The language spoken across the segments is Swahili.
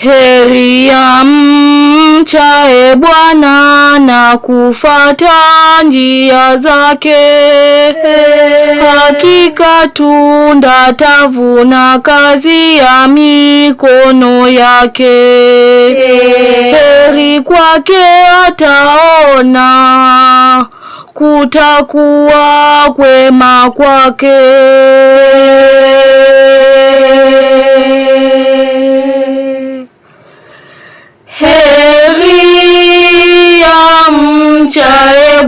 Heri ya mcha Bwana na kufata njia zake, hakika tunda tavuna kazi ya mikono yake. Heri kwake ataona, kutakuwa kwema kwake.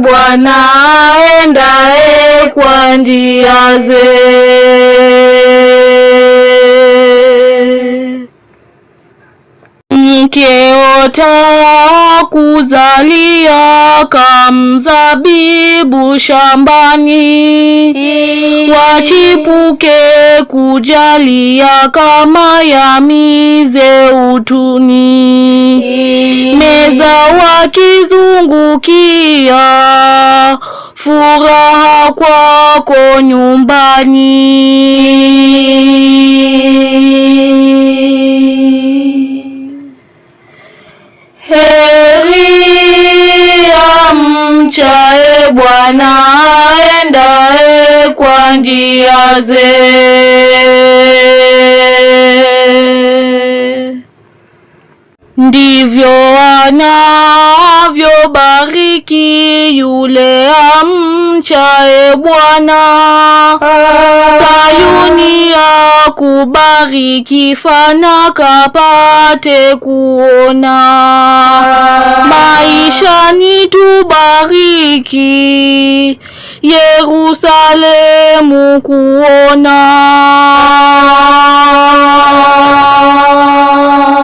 Bwana aendaye kwa njia zake. Mkeota kuzalia kamzabibu shambani, ee. wachipuke kujalia kama ya utuni, ee. meza wakizungukia furaha kwako nyumbani. Ee. amchaye Bwana aendaye kwa njia ze ndivyo anavyo Mbariki yule amchaye Bwana, Sayuni akubariki fana kapate kuona, ni tubariki Yerusalemu kuona